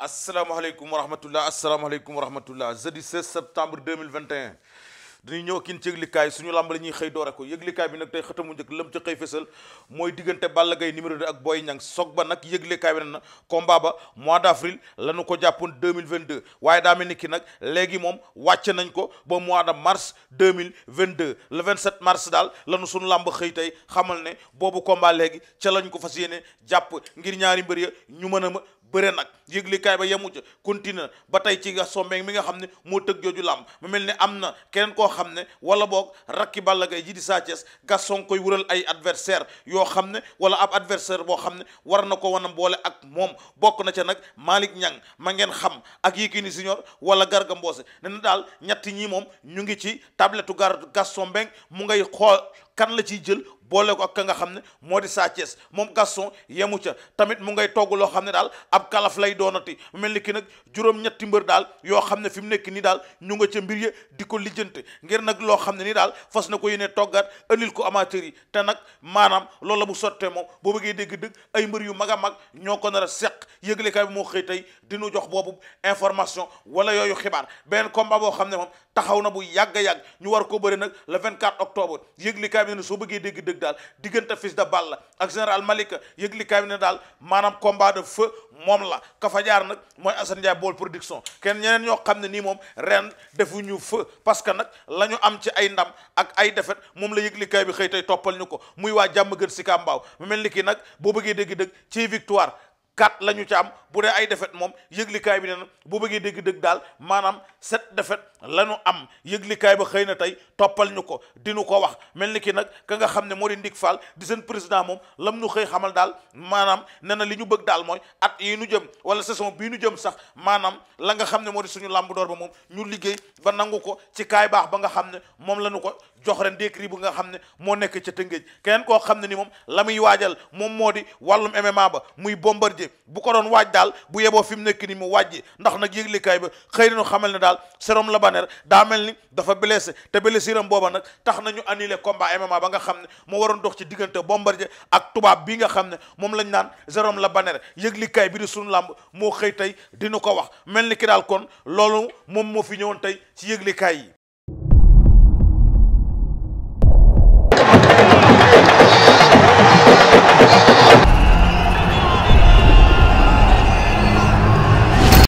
asalaamaaleykum wa rahmatullah asalaamaaleykum wa rahmatullah jeudi 16 septembre 2021 dañuy ñëw kin ci yëglikaay suñu làmb la ñuy xëy doore ko yëglikaay bi nag tey xëtamu njëkk lëm ca xëy fesal mooy diggante Balla Gaye numéro 2 ak Boy Niang soog ba nag yëglikaay bi na combat ba mois d' avril la ñu ko jàppoon 2022 waaye daa mel ni ki nag léegi moom wàcc nañ ko ba mois de mars 2022 le 27 mars daal la ñu suñu làmb xëy tey xamal ne boobu komba léegi ca lañ ko fas yéene jàpp ngir ñaari mbër ya ñu mën a bëre nag yëglikaay ba yemu ca continue ba tey ci gaston sombeeg mi nga xam ne moo tëg jooju làmp mu mel ni am na keneen koo xam ne wala boog rakki Balla gay ji di Sa Thiès Gaston koy wural ay adversaire yoo xam ne wala ab adversaire boo xam ne war na ko wana boole ak moom bokk na ca nag Malick Niang ma ngeen xam ak Yékini Junior wala Garga mboose ne na daal ñetti ñii moom ñu ngi ci tabletu gar Gaston Mbengue mu ngay xool kan la ciy jël boole ko ak ka nga xam ne moo di Sa Thiès moom Gaston yemu ca tamit mu ngay togg loo xam ne daal ab kalaf lay doonati mu mel ni ki nag juróom-ñetti mbër daal yoo xam ne fi mu nekk nii daal ñu nga ca mbir ya di ko lijjante ngir nag loo xam ne nii daal fas na ko yéene toggaat andil ko amateur yi te nag maanaam loolu la bu sottee moom boo bëggee dégg dëgg ay mbër yu mag a mag ñoo ko nar a seq yëglekaay bi moo xëy tey dinu jox boobu information wala yooyu xibaar beneen combat boo xam ne moom taxaw na bu yàgg yàgg ñu war ko bëri nag le 24 octobre yëglekaay bi ne soo bëggee dégg dëgg daal diggante fils de balle ak général Malick yëglekaay bi ne daal maanaam combat de feu moom la ka nag mooy Assane Ndiaye bool production kenn ñeneen ñoo xam ne nii moom ren defuñu feu parce que nag la ñu am ci ay ndam ak ay defet moom la yëglekaay bi xëy toppal ñu ko muy waa jàmm gën si kàmbaaw mu mel ni kii nag boo bëggee dégg dëgg ci victoire quatre la ñu ca am bu dee ay défaite moom yëglikaay bi ne na bu bëggee dégg-dëgg daal maanaam sept défaite la ñu am yëglikaay ba xëy na tey toppal ñu ko dinu ko wax mel ni ki nag ka nga xam ne moo di Ndik Fall di seen président moom lam nu xëy xamal daal maanaam ne na li ñu bëgg daal mooy at yi nu jëm wala saison bii nu jëm sax maanaam la nga xam ne moo di suñu làmb door ba moom ñu liggéey ba nangu ko ci kaay baax ba nga xam ne moom la ñu ko jox ren décret bu nga xam ne moo nekk ca Tëngéej keneen koo xam ne ni moom la muy waajal moom moo di wàllum MMA ba muy bombardier bu ko doon waaj daal bu yeboo fi mu nekk nii mu wàjji ndax nag yëglikaay ba xëy nañu xamal ne daal Jérôme la baneer daa mel ni dafa blessé te blessure am booba nag tax nañu annulé combat MMA ba nga xam ne mu waroon dox ci diggante Bombardier ak tubaab bi nga xam ne moom lañ naan seroom la Banner yëglikaay bi di sunu làmb moo xëy tey dina ko wax mel ni ki daal kon loolu moom moo fi ñëwoon tey ci yëglikaay yi